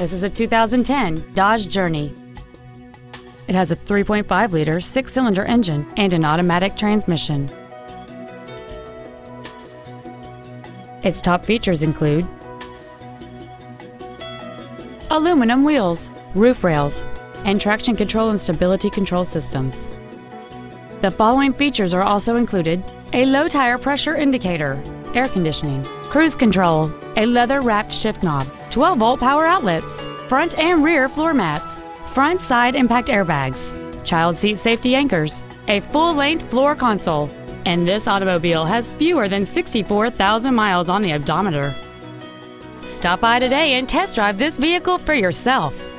This is a 2010 Dodge Journey. It has a 3.5 liter six cylinder engine and an automatic transmission. Its top features include aluminum wheels, roof rails, and traction control and stability control systems. The following features are also included a low tire pressure indicator, air conditioning, cruise control, a leather wrapped shift knob, 12 volt power outlets, front and rear floor mats, front side impact airbags, child seat safety anchors, a full length floor console, and this automobile has fewer than 64,000 miles on the odometer. Stop by today and test drive this vehicle for yourself.